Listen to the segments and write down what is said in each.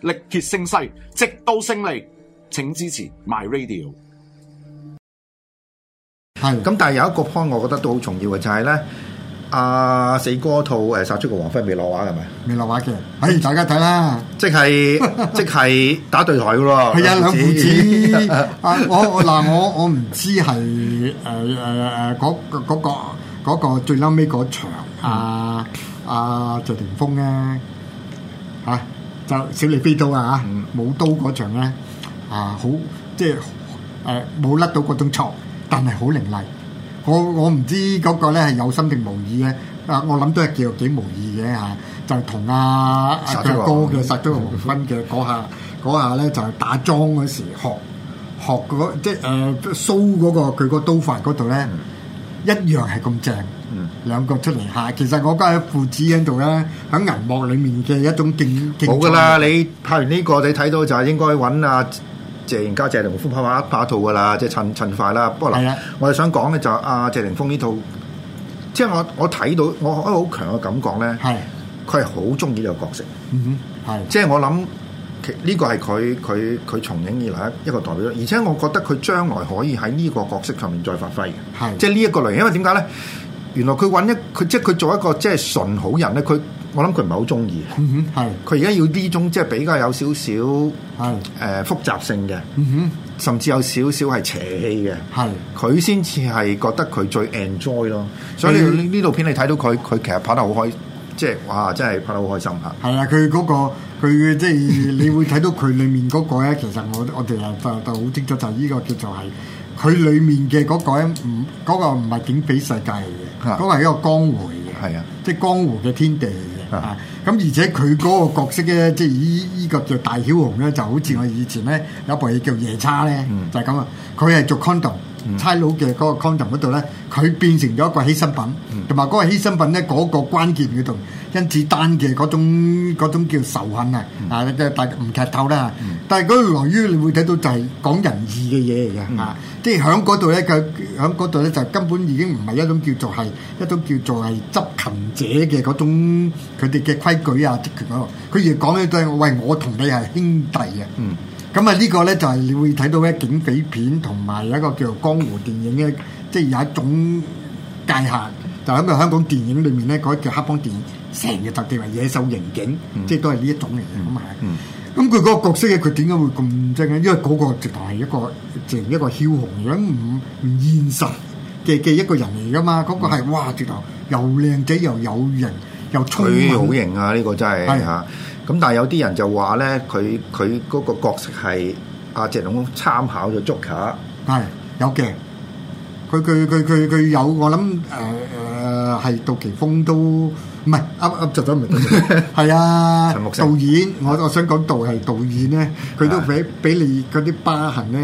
力竭聲嘶，直到勝利。請支持 My Radio。係咁的，但係有一個 point，我覺得都好重要嘅，就係、是、咧，阿、呃、四哥套誒殺出個黃昏未落畫，係咪？未落畫嘅。哎，大家睇啦，即係即係打對台嘅咯，兩父 子、呃呃。啊，我嗱，我我唔知係誒誒誒嗰嗰個、那個那個、最嬲尾嗰場啊啊謝霆鋒咧嚇。啊啊謝就小李飛刀啊嚇，舞刀嗰場咧啊好即係誒冇甩到嗰種錯，但係好凌厲。我我唔知嗰個咧係有心定無意嘅，啊我諗都係叫做幾無意嘅嚇。就同阿阿江哥嘅殺咗黃坤嘅嗰下嗰下咧，就係打裝嗰時學學嗰即係誒蘇嗰個佢嗰刀法嗰度咧，一樣係咁正。嗯，兩個出嚟吓，其實我家喺父子喺度咧，喺銀幕裏面嘅一種競競爭。噶啦，你拍完呢、這個，你睇到就係應該揾阿謝賢家謝霆鋒拍拍一套噶啦，即係趁趁快啦。不過嗱，我哋想講咧就阿、啊、謝霆鋒呢套，即係我我睇到我一個好強嘅感覺咧，係佢係好中意呢個角色，嗯哼，係即係我諗，其呢個係佢佢佢從影以來一個代表，而且我覺得佢將來可以喺呢個角色上面再發揮嘅，係是的 即係呢一個類型，因為點解咧？原來佢揾一佢即係佢做一個即係純好人咧，佢我諗佢唔係好中意。係佢而家要呢種即係比較有少少誒的、呃、複雜性嘅，嗯、哼甚至有少少係邪氣嘅。係佢先至係覺得佢最 enjoy 咯。的所以呢呢套片你睇到佢佢其實拍得好開，即係哇！真係拍得好開心嚇。係啊，佢嗰、那個佢嘅即係你會睇到佢裡面嗰、那個咧。 其實我我哋係發覺好清楚就係、是、呢個叫做係。佢裡面嘅嗰個咧，嗰個唔係警匪世界嚟嘅，嗰的個係一個江湖嘅，的即係江湖嘅天地嚟嘅嚇。咁的而且佢嗰個角色咧，即係依依個就大英雄咧，就好似我以前咧有部嘢叫《夜叉》咧、嗯，就係咁啊，佢係做 Condo。差佬嘅嗰個 content 嗰度咧，佢、嗯、變成咗一個犧牲品，同埋嗰個犧牲品咧，嗰個關鍵嗰度，甄子丹嘅嗰種叫仇恨、嗯、啊，啊即係大唔劇透啦，嗯、但係嗰來於你會睇到就係講仁義嘅嘢嚟嘅嚇，即係喺嗰度咧，佢喺嗰度咧就根本已經唔係一種叫做係一種叫做係執勤者嘅嗰種佢哋嘅規矩啊、職權度，佢而講咧都係喂，我同你係兄弟啊。嗯咁啊，呢個咧就係你會睇到咧警匪片同埋有一個叫做江湖電影咧，即係有一種界限，就喺、是、個香港電影裏面咧嗰、那個、叫黑幫電影，成日特叫埋野獸刑警，嗯、即係都係呢一種嚟嘅，咁啊、嗯，咁佢嗰個角色咧，佢點解會咁正？咧？因為嗰個直頭係一個，即一個梟雄，而唔唔現實嘅嘅一個人嚟噶嘛，嗰、嗯、個係哇，直頭又靚仔又有人又充好型啊！呢個真係嚇。是咁但係有啲人就話咧，佢佢嗰個角色係阿謝龍參考咗 Joker 係有嘅。佢佢佢佢佢有我諗誒誒係杜琪峰都唔係噏噏著咗咪？係啊，導演我我想講導係導演咧，佢都俾俾你嗰啲疤痕咧，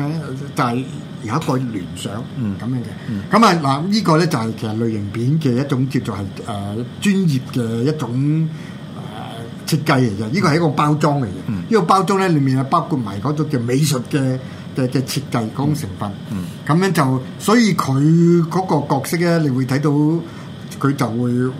就係、是、有一個聯想咁樣嘅。咁、嗯嗯、啊嗱，這個、呢個咧就係、是、其實類型片嘅一種叫做係誒、呃、專業嘅一種。設計嚟嘅，呢個係一個包裝嚟嘅。呢個、嗯、包裝咧，裏面係包括埋嗰種叫美術嘅嘅嘅設計嗰種成分。咁、嗯嗯、樣就，所以佢嗰個角色咧，你會睇到佢就會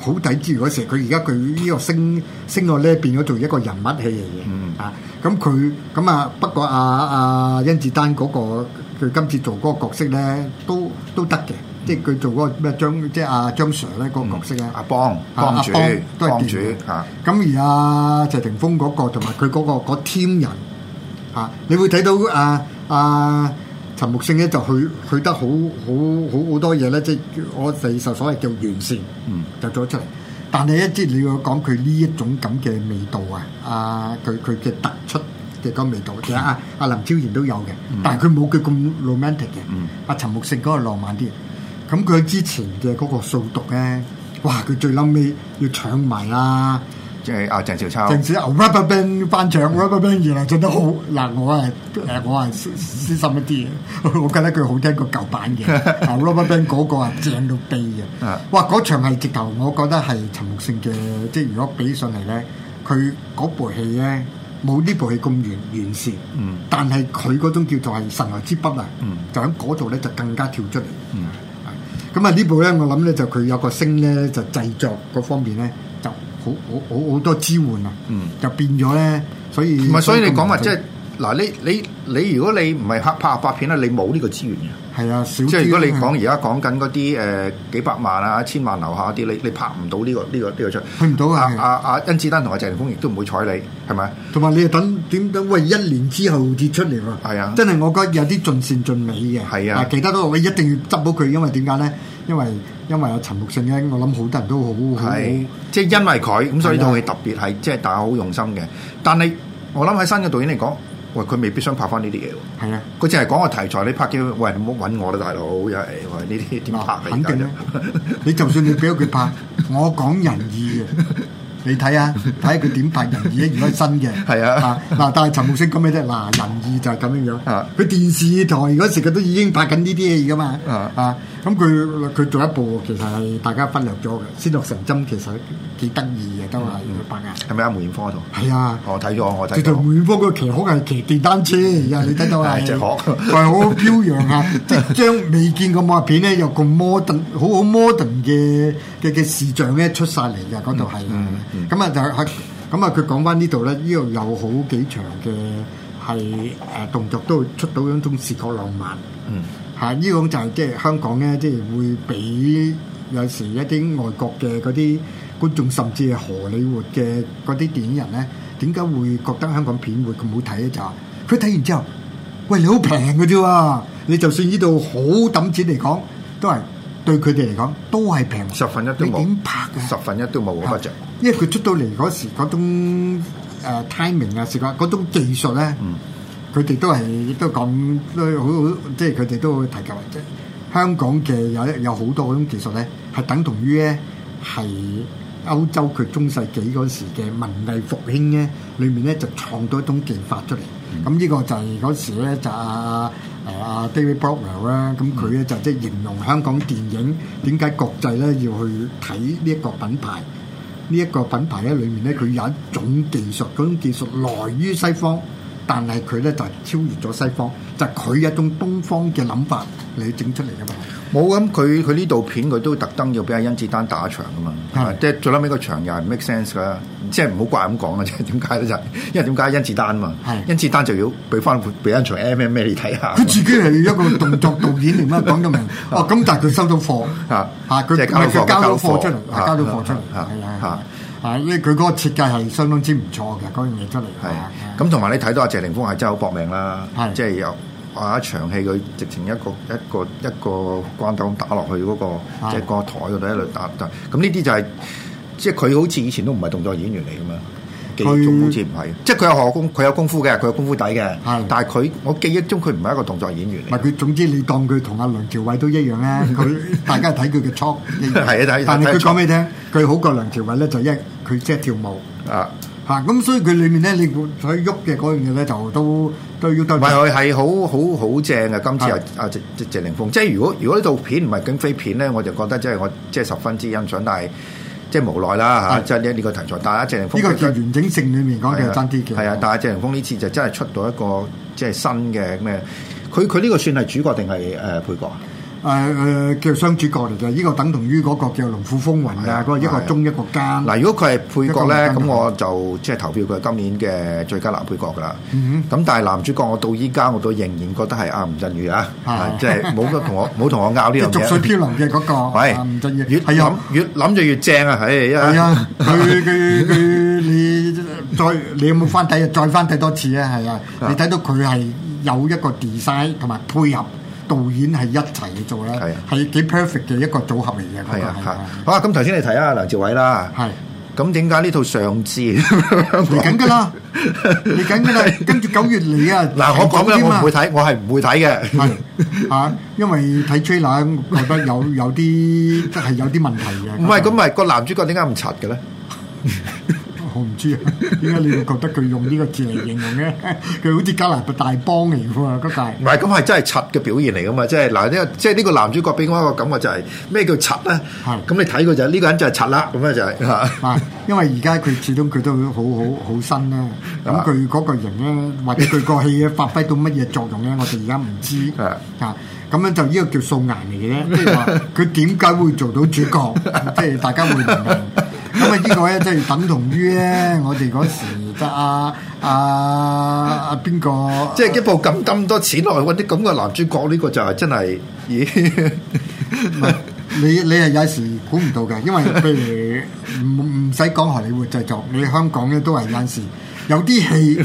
好抵住嗰時。佢而家佢呢個升升落咧，變咗做一個人物戲嚟嘅。啊、那個，咁佢咁啊，不過阿阿甄子丹嗰個佢今次做嗰個角色咧，都都得嘅。即係佢做嗰個咩張，即係阿張 Sir 咧，個角色啊，阿邦幫主，幫主啊。咁而阿謝霆鋒嗰個同埋佢嗰個嗰 team 人啊，你會睇到啊啊，陳木勝咧就去去得好好好好多嘢，咧即係我哋就所謂叫完善，嗯，做咗出嚟。但係一知你要講佢呢一種咁嘅味道啊，阿佢佢嘅突出嘅嗰味道，即係阿阿林超賢都有嘅，但係佢冇佢咁 romantic 嘅，阿陳木勝嗰個浪漫啲。咁佢之前嘅嗰個掃毒咧，哇！佢最撈尾要搶埋啦，即係阿鄭少秋，鄭少啊！Rubberband 翻唱 Rubberband 而啦， 原來唱得好嗱，我係誒、呃、我係私心一啲嘅， 我覺得佢好聽過舊版嘅，啊 ！Rubberband 嗰個啊正到痹嘅，啊！ 哇！嗰場係直頭，我覺得係陳木勝嘅，即係如果比上嚟咧，佢嗰部戲咧冇呢部戲咁完完善，嗯，但係佢嗰種叫做係神來之筆啊，嗯，就喺嗰度咧就更加跳出嚟，嗯。嗯。咁啊，這部呢部咧，我諗咧就佢有個星咧，就製作嗰方面咧就好好好好多支援啊，嗯，就變咗咧，所以，咁啊唔係，所以，所以你講話它即係嗱，你你。你如果你唔係拍拍法片咧，你冇呢個資源嘅。係啊，即係如果你講而家講緊嗰啲誒幾百萬啊、千萬樓下啲，你你拍唔到呢、呢個呢、呢個呢、呢個出，去唔到啊！阿阿甄子丹同阿謝霆鋒亦都唔會睬你，係咪？同埋你等點等？喂，一年之後至出嚟喎。係啊，真係我覺得有啲盡善盡美嘅。係啊，其他都我一定要執到佢，因為點解咧？因為因為有陳木勝咧，我諗好多人都好好，即係、啊啊、因為佢咁，所以套戲特別係即係大家好用心嘅。但係我諗喺新嘅導演嚟講。喂，佢未必想拍翻呢啲嘢喎。係啊，佢淨係講個題材，你拍嘅，喂，唔好揾我啦，大佬，又係呢啲點拍、啊、肯定啫？你就算你俾佢拍，我講仁義啊。你睇啊，睇下佢點拍仁義啊？如果係真嘅，係啊，嗱、啊，但係陳木星講咩啫？嗱，仁義就係咁樣樣。啊，佢、啊、電視台嗰時佢都已經拍緊呢啲嘢噶嘛。啊！咁佢佢做一部，其實係大家忽略咗嘅，先落神針，其實幾得意嘅都係八眼。係咪啊？梅豔芳度，套係啊！我睇咗，我睇咗。梅豔芳嗰期好係騎電單車，然後、嗯、你睇到係隻腳，係好、嗯嗯、飄揚啊！即係將未見過畫片咧，有個 modern 好好 modern 嘅嘅嘅視像咧出晒嚟嘅，嗰度係。咁啊就係咁啊，佢講翻呢度咧，呢度有好幾場嘅係誒動作，都會出到一種視覺浪漫。嗯。嚇！呢種就係、是、即係香港咧，即係會俾有時一啲外國嘅嗰啲觀眾，甚至係荷里活嘅嗰啲電影人咧，點解會覺得香港片會咁好睇咧？就係佢睇完之後，喂，你好平嘅啫，你就算呢度好抌錢嚟講，都係對佢哋嚟講都係平十分一都冇點拍嘅，十分一都冇攞不因為佢出到嚟嗰時嗰種 timing 啊，是講嗰種技術咧。嗯。佢哋都係，亦都講都好好，即係佢哋都提及話，即係香港嘅有有好多嗰種技術咧，係等同於咧係歐洲佢中世紀嗰時嘅文藝復興咧，裏面咧就創咗一種技法出嚟。咁呢個就係嗰時咧就阿阿 David Bordwell 啦，咁佢咧就即係形容香港電影點解國際咧要去睇呢一個品牌，呢一個品牌咧裏面咧佢有一種技術，嗰種技術來於西方。但係佢咧就超越咗西方，就係佢一種東方嘅諗法嚟整出嚟嘅嘛。冇咁佢佢呢度片佢都特登要俾阿甄子丹打場㗎嘛，即係最撚尾個場又係 make sense 嘅，即係唔好怪咁講啦！即係點解咧？就因為點解甄子丹嘛，甄子丹就要俾翻俾一場 M M 咩你睇下。佢自己係一個動作導演嚟咩講咁明？哦，咁但係佢收到貨啊啊！佢交交到貨出嚟，交到貨出嚟嚇。係，呢佢嗰個設計係相當之唔錯嘅，嗰樣嘢出嚟係咁，同埋你睇到阿謝霆鋒係真係好搏命啦，是的 即係由啊一場戲佢直情一個一個一個關刀咁打落去嗰、那個即係是的 個台度一度打得，咁呢啲就係、是、即係佢好似以前都唔係動作演員嚟嘅咩？佢好似唔係，即係佢有學功，佢有功夫嘅，佢有功夫底嘅。但係佢，我記憶中佢唔係一個動作演員，唔係佢，總之你當佢同阿梁朝偉都一樣啦。佢大家睇佢嘅操。係啊，睇但係佢講俾你聽，佢好過梁朝偉咧，就一佢即係跳舞。啊，嚇！咁所以佢裡面咧，你佢喐嘅嗰樣嘢咧，就都都喐得。唔係係好好好正嘅，今次阿阿謝謝霆鋒。即係如果如果呢套片唔係警匪片咧，我就覺得即係我即係十分之欣賞，但係。即係無奈啦嚇，的即係呢個題材。但係謝霆鋒呢個叫完整性裏面講的，嘅，爭啲叫。係啊，但係謝霆鋒呢次就真係出到一個即係新嘅咩？佢佢呢個算係主角定係誒配角啊？誒誒叫雙主角嚟啫，呢個等同於嗰個叫《龍虎風雲》啊，嗰一個中一個奸。嗱，如果佢係配角咧，咁我就即係投票佢今年嘅最佳男配角噶啦。咁但係男主角，我到依家我都仍然覺得係阿吳鎮宇啊，即係冇得同我冇同我拗呢樣嘢。逐水漂流嘅嗰個啊，吳鎮宇。越諗越諗就越正啊！唉，因為，佢佢佢，你再你有冇翻睇再翻睇多次啊？係啊，你睇到佢係有一個 design 同埋配合。導演係一齊去做啦，係幾是、啊、perfect 嘅一個組合嚟嘅。係啊，好啊！咁頭先你睇啊，梁朝偉啦。係咁點解呢套《尚氣》嚟緊㗎啦？嚟緊㗎啦！跟住九月嚟啊！嗱，我講嘅我唔會睇，我係唔會睇嘅。係因為睇 trailer 覺得有有啲即係有啲、就是、問題嘅。唔係，咁唔係個男主角點解唔賊嘅咧？ 我唔知啊，點解你會覺得佢用呢個字嚟形容咧？佢好似加拿大幫嚟㗎嘛，嗰、那個唔係咁係真係柒嘅表現嚟㗎嘛，即係嗱呢個即係呢個男主角俾我一個感覺就係、是、咩叫柒咧？係咁是、嗯、你睇過就係、是、呢、這個人就係柒啦，咁啊就係、是、啊，啊因為而家佢始終佢都好好好新啦。咁佢嗰個型咧或者佢個戲咧發揮到乜嘢作用咧，我哋而家唔知啊，咁樣就呢個叫素顏嚟嘅啫，即係話佢點解會做到主角，即係大家會明。咁啊！呢個咧即係等同於咧，我哋嗰時得阿阿阿邊個，即係一部咁咁多錢落揾啲咁嘅男主角，呢個就係真係，咦？ 你你係有時估唔到㗎，因為譬如唔唔使講荷里活製作，你香港咧都係有時有啲戲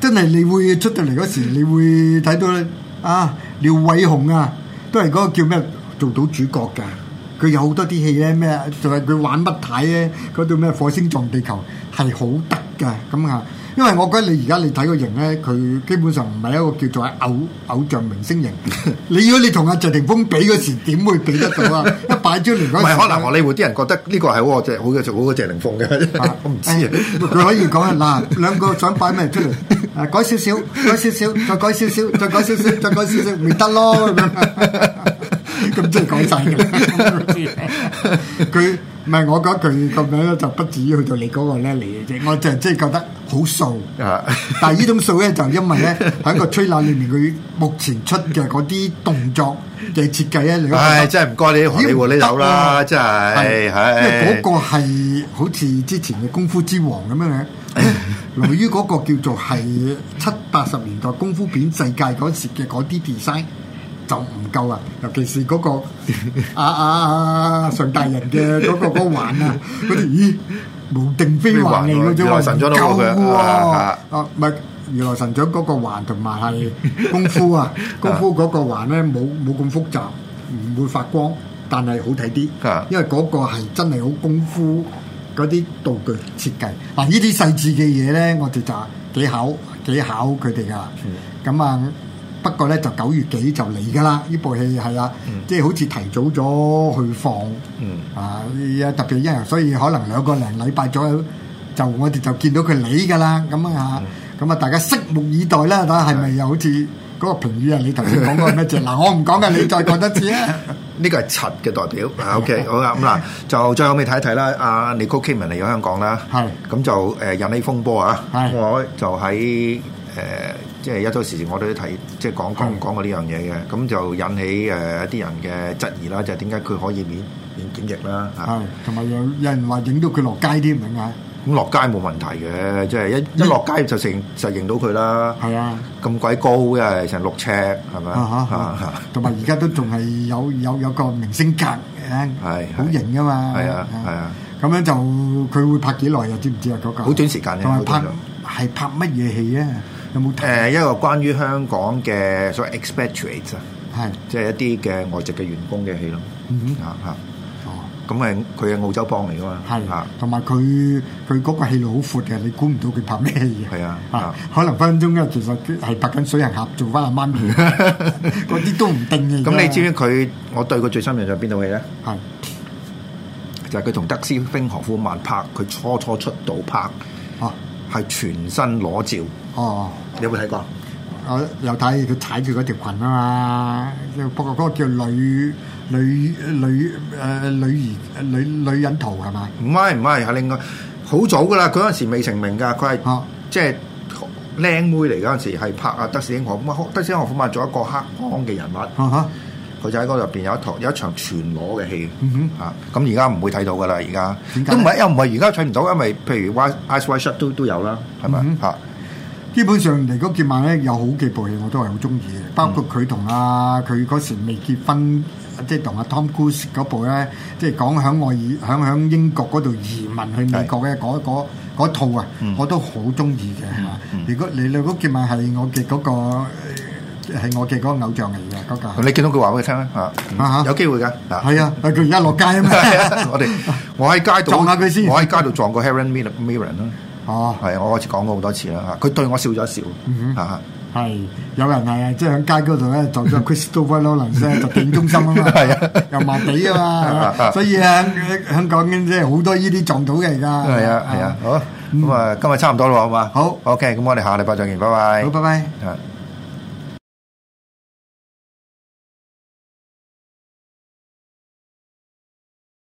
真係你會出到嚟嗰時，你會睇到啊，廖偉雄啊，都係嗰個叫咩做到主角㗎？佢有好多啲戲咧，咩就係佢玩乜睇咧？嗰套咩火星撞地球係好得噶，咁啊！因為我覺得你而家你睇個型咧，佢基本上唔係一個叫做偶偶像明星型。你如果你同阿謝霆鋒比嗰時，點會比得到啊？一擺出嚟嗰陣唔係可能我呢回啲人覺得呢個係我謝好嘅，仲好過謝霆鋒嘅。我唔知啊， 嗯、可以講嗱， 兩個想擺咩出嚟？改少少，改少少，再改少少，再改少少，再改少少，咪得咯。咁 即係講晒嘅佢唔係，我覺得佢咁樣咧，就不至於去到你嗰個咧嚟嘅啫。我就即係覺得好素， 但係呢種素咧，就因為咧喺個 trailer 裏面，佢目前出嘅嗰啲動作嘅設計咧，你真係唔該你，你有啦，真係、啊唉。因為嗰個係好似之前嘅功夫之王咁樣嘅，由於嗰個叫做係七八十年代功夫片世界嗰時嘅嗰啲 design。就唔夠啊！尤其是嗰、那個阿阿阿上大人嘅嗰、那個嗰 環啊，嗰啲咦無定飛環嚟嘅，即係 神掌都夠啊，唔係、 啊，如來神掌嗰個環同埋係功夫啊， 功夫嗰個環咧冇冇咁複雜，唔會發光，但係好睇啲。因為嗰個係真係好功夫嗰啲道具設計。嗱、啊，呢啲細緻嘅嘢咧，我哋就幾考幾考佢哋噶。咁啊～啊啊不過咧就九月幾就嚟㗎啦，呢部戲係啦，即係好似提早咗去放，啊特別因為所以可能兩個零禮拜左右就我哋就見到佢嚟㗎啦，咁啊咁啊大家拭目以待啦，睇下係咪又好似嗰個評語啊？你頭先講過咩字？嗱我唔講嘅，你再講多次啊！呢個係七嘅代表，OK 好啦咁嗱，就最後尾睇一睇啦，阿李克勤嚟咗香港啦，咁就誒引起風波啊，我就喺誒。即係一早時時我都睇，即係講講講過呢樣嘢嘅，咁就引起誒一啲人嘅質疑啦。就點解佢可以免免檢疫啦？嚇，同埋有有人話影到佢落街啲唔明。咁落街冇問題嘅，即係一一落街就成就認到佢啦。係啊，咁鬼高嘅，成六尺係咪啊？嚇嚇嚇！同埋而家都仲係有有有個明星格嘅，係好型噶嘛。係啊係啊，咁樣就佢會拍幾耐啊？知唔知啊？嗰個好短時間嘅，同埋拍係拍乜嘢戲啊？有冇睇？誒一個關於香港嘅所謂 expatriate 啊，係即係一啲嘅外籍嘅員工嘅戲咯。嗯哼啊嚇哦，咁咪佢係澳洲幫嚟噶嘛？係啊，同埋佢佢嗰個戲路好闊嘅，你估唔到佢拍咩戲嘅？係啊，啊可能分分鐘咧，其實係拍緊水行俠，做翻阿媽咪嗰啲都唔定嘅。咁你知唔知佢？我對佢最深印象邊套戲咧？係就係佢同德斯汀·荷夫曼拍，佢初初出道拍啊。係全身裸照哦！你有冇睇過？我有睇，佢踩住嗰條裙啊嘛！不過嗰個叫女女女誒女兒誒女女人圖係咪？唔係唔係，係另外好早噶啦！佢嗰陣時未成名噶，佢係即係靚妹嚟嗰陣時，係拍阿德士英雄咁啊！德士英雄好慢做一個黑幫嘅人物。啊哈。女仔喺嗰入邊有一套有一場全裸嘅戲啊！咁而家唔會睇到噶啦，而家都唔係又唔係而家睇唔到，因為譬如《Eyes Wide Shut》都都有啦，係咪啊？基本上《妮歌潔曼》咧有好幾部戲我都係好中意嘅，嗯、包括佢同阿佢嗰時未結婚，即係同阿 Tom Cruise 嗰部咧，即係講響外響響英國嗰度移民去美國嘅嗰、那個、套啊，嗯、我都好中意嘅。如果你你嗰潔曼係我嘅嗰、那個。係我嘅嗰個偶像嚟嘅嗰個，你見到佢話畀佢聽咧嚇？有機會㗎，係啊！佢而家落街啊嘛！我哋我喺街度撞下佢先，我喺街度撞過 Helen Mirren 咯。哦，係啊！我開始講過好多次啦。佢對我笑咗一笑嚇。係有人係啊，即喺街嗰度咧撞咗 Christopher Nolan 先係重點中心啊嘛。係啊，油麻地啊嘛，所以啊，香港即係好多呢啲撞到嘅而家。係啊，係啊，好咁啊，今日差唔多啦，好嘛？好 OK，咁我哋下禮拜再見，拜拜。好，拜拜。